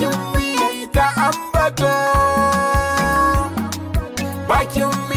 bakin mi ka ambato bakin